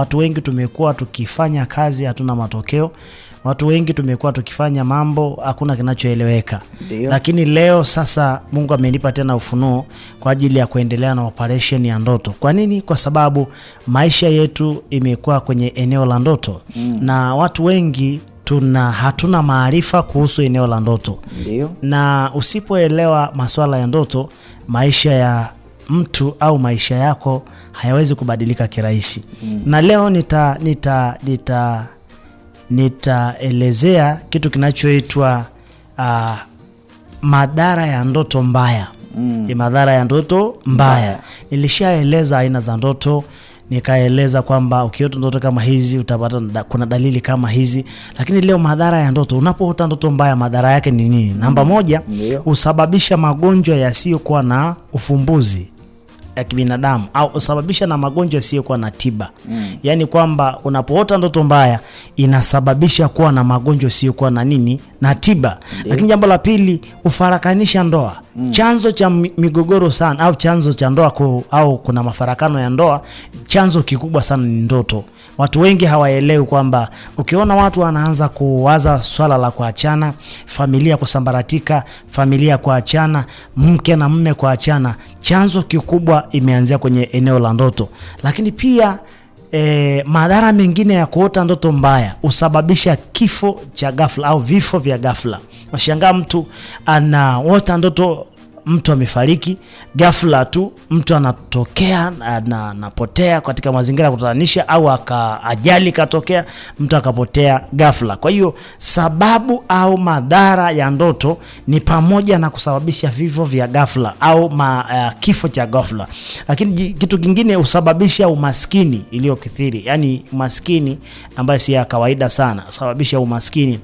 Watu wengi tumekuwa tukifanya kazi hatuna matokeo. Watu wengi tumekuwa tukifanya mambo hakuna kinachoeleweka, lakini leo sasa Mungu amenipa tena ufunuo kwa ajili ya kuendelea na operation ya ndoto. Kwa nini? Kwa sababu maisha yetu imekuwa kwenye eneo la ndoto mm. na watu wengi tuna hatuna maarifa kuhusu eneo la ndoto Ndiyo. na usipoelewa masuala ya ndoto maisha ya mtu au maisha yako hayawezi kubadilika kirahisi mm. Na leo nita nita nita nitaelezea kitu kinachoitwa uh, madhara ya ndoto mbaya mm. Madhara ya ndoto mbaya yeah. Nilishaeleza aina za ndoto nikaeleza kwamba ukiota ndoto kama hizi utapata kuna dalili kama hizi, lakini leo madhara ya ndoto, unapoota ndoto mbaya madhara yake ni nini? Namba mm. moja, husababisha magonjwa yasiyokuwa na ufumbuzi ya kibinadamu au usababisha na magonjwa yasiyokuwa na tiba mm. Yaani kwamba unapoota ndoto mbaya inasababisha kuwa na magonjwa yasiyokuwa na nini na tiba Lakini jambo la pili hufarakanisha ndoa mm. Chanzo cha migogoro sana au chanzo cha ndoa ku, au kuna mafarakano ya ndoa chanzo kikubwa sana ni ndoto. Watu wengi hawaelewi kwamba ukiona watu wanaanza kuwaza swala la kuachana, familia kusambaratika, familia kuachana, mke na mme kuachana, chanzo kikubwa imeanzia kwenye eneo la ndoto, lakini pia E, madhara mengine ya kuota ndoto mbaya husababisha kifo cha ghafla au vifo vya ghafla. Washangaa mtu anaota ndoto mtu amefariki ghafla tu, mtu anatokea anapotea na katika mazingira ya kutatanisha, au aka ajali katokea, mtu akapotea ghafla. Kwa hiyo sababu au madhara ya ndoto ni pamoja na kusababisha vifo vya ghafla au ma, uh, kifo cha ghafla. Lakini kitu kingine husababisha umaskini iliyokithiri, yani umaskini ambayo si ya kawaida sana, sababisha umaskini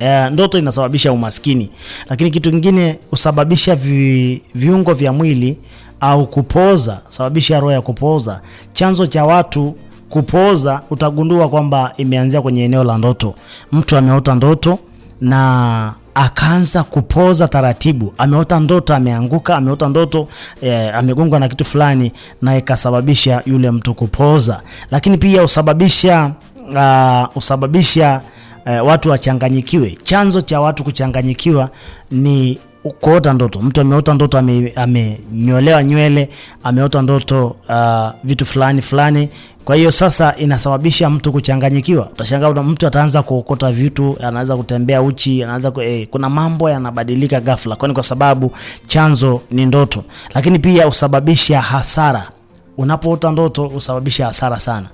E, ndoto inasababisha umaskini, lakini kitu kingine husababisha vi, viungo vya mwili au kupoza, sababisha roho ya kupoza. Chanzo cha watu kupoza, utagundua kwamba imeanzia kwenye eneo la ndoto. Mtu ameota ndoto na akaanza kupoza taratibu, ameota ndoto, ameanguka, ameota ndoto e, amegongwa na kitu fulani, na ikasababisha yule mtu kupoza. Lakini pia usababisha uh, husababisha ah, eh, watu wachanganyikiwe. Chanzo cha watu kuchanganyikiwa ni kuota ndoto. Mtu ameota ndoto amenyolewa ame nywele, ameota ndoto uh, vitu fulani fulani. Kwa hiyo sasa inasababisha mtu kuchanganyikiwa. Utashangaa mtu ataanza kuokota vitu, anaanza kutembea uchi, anaanza ku, eh, kuna mambo yanabadilika ghafla, kwani kwa sababu chanzo ni ndoto, lakini pia husababisha hasara unapoota ndoto usababisha hasara sana,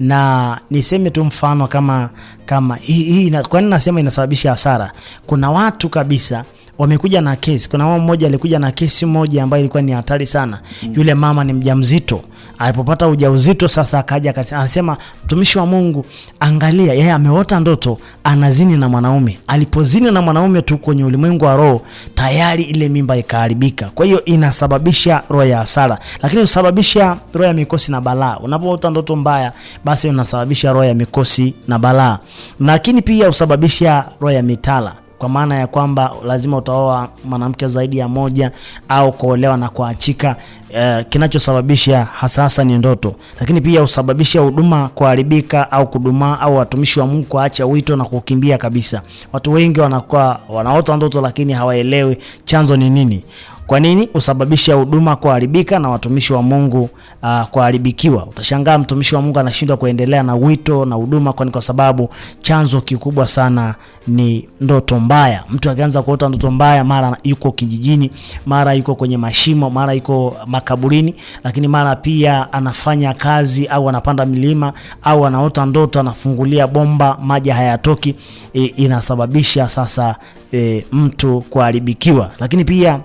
na niseme tu mfano kama kama hii, hii, kwa nini nasema inasababisha hasara? Kuna watu kabisa wamekuja na kesi. Kuna mama mmoja alikuja na kesi moja ambayo ilikuwa ni hatari sana. Mm. Yule mama ni mjamzito, alipopata ujauzito sasa akaja akasema, mtumishi wa Mungu, angalia, yeye ameota ndoto anazini na mwanaume. Alipozini na mwanaume tu kwenye ulimwengu wa roho, tayari ile mimba ikaharibika. Kwa hiyo inasababisha roho ya hasara, lakini usababisha roho ya mikosi na balaa. Unapoota ndoto mbaya, basi unasababisha roho ya mikosi na balaa, lakini pia usababisha roho ya mitala kwa maana ya kwamba lazima utaoa mwanamke zaidi ya moja au kuolewa na kuachika. Uh, kinachosababisha hasa hasa ni ndoto, lakini pia husababisha huduma kuharibika au kudumaa, au watumishi wa Mungu kuacha wito na kukimbia kabisa. Watu wengi wanakuwa wanaota ndoto, lakini hawaelewi chanzo ni nini. Kwa nini usababisha huduma kuharibika na watumishi wa Mungu uh, kuharibikiwa? Utashangaa mtumishi wa Mungu anashindwa kuendelea na wito na huduma, kwani kwa sababu chanzo kikubwa sana ni ndoto mbaya. Mtu akianza kuota ndoto mbaya, mara yuko kijijini, mara yuko kwenye mashimo, mara yuko makaburini, lakini mara pia anafanya kazi au anapanda milima au anaota ndoto, anafungulia bomba, maji hayatoki. E, inasababisha sasa e, mtu kuharibikiwa, lakini pia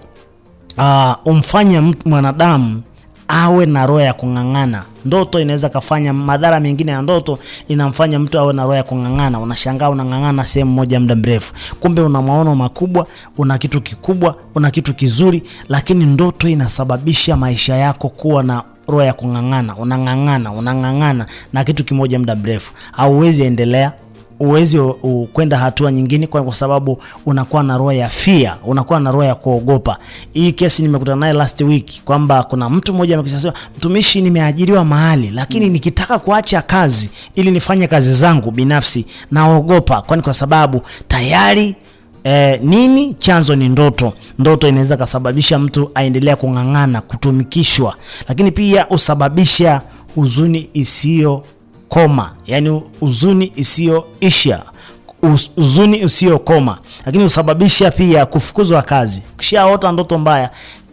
uh, umfanye mwanadamu awe na roho ya kung'ang'ana. Ndoto inaweza kafanya madhara mengine ya ndoto inamfanya mtu awe na roho ya kung'ang'ana. Unashangaa unang'ang'ana sehemu moja muda mrefu, kumbe una maono makubwa, una kitu kikubwa, una kitu kizuri, lakini ndoto inasababisha maisha yako kuwa na roho ya kung'ang'ana. Unang'ang'ana, unang'ang'ana na kitu kimoja muda mrefu, hauwezi endelea uwezi kwenda hatua nyingine kwa, kwa sababu unakuwa na roho ya fear, unakuwa na roho ya kuogopa. Hii kesi nimekutana naye last week kwamba kuna mtu mmoja amekisema, mtumishi, nimeajiriwa mahali lakini mm. nikitaka kuacha kazi ili nifanye kazi zangu binafsi naogopa, kwani kwa sababu tayari Eh, nini chanzo ni ndoto. Ndoto inaweza kasababisha mtu aendelea kung'ang'ana kutumikishwa, lakini pia usababisha huzuni isiyo koma, yani huzuni isiyoisha huzuni usiyokoma, lakini husababisha pia kufukuzwa kazi. Ukishaota ndoto mbaya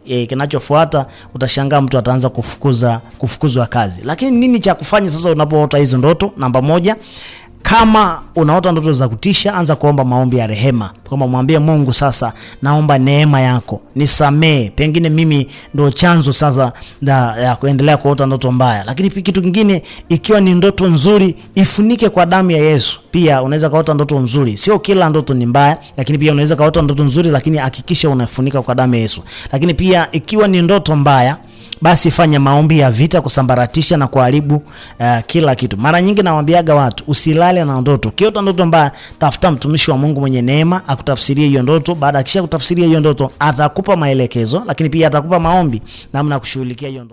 e, kinachofuata utashangaa mtu ataanza kufukuza kufukuzwa kazi. Lakini nini cha kufanya sasa unapoota hizo ndoto? Namba moja, kama unaota ndoto za kutisha, anza kuomba maombi ya rehema, kwamba mwambie Mungu, sasa naomba neema yako, nisamee, pengine mimi ndo chanzo sasa da, ya kuendelea kuota ndoto mbaya. Lakini kitu kingine, ikiwa ni ndoto nzuri, ifunike kwa damu ya Yesu. Pia unaweza kaota ndoto nzuri, sio kila ndoto ni mbaya, lakini pia unaweza kaota ndoto nzuri, lakini hakikisha unafunika kwa damu ya Yesu. Lakini pia ikiwa ni ndoto mbaya basi fanya maombi ya vita kusambaratisha na kuharibu uh, kila kitu. Mara nyingi nawaambiaga watu usilale na ndoto. Ukiota ndoto mbaya, tafuta mtumishi wa Mungu mwenye neema akutafsirie hiyo ndoto. Baada akisha kutafsiria hiyo ndoto, atakupa maelekezo, lakini pia atakupa maombi namna ya kushughulikia hiyo ndoto.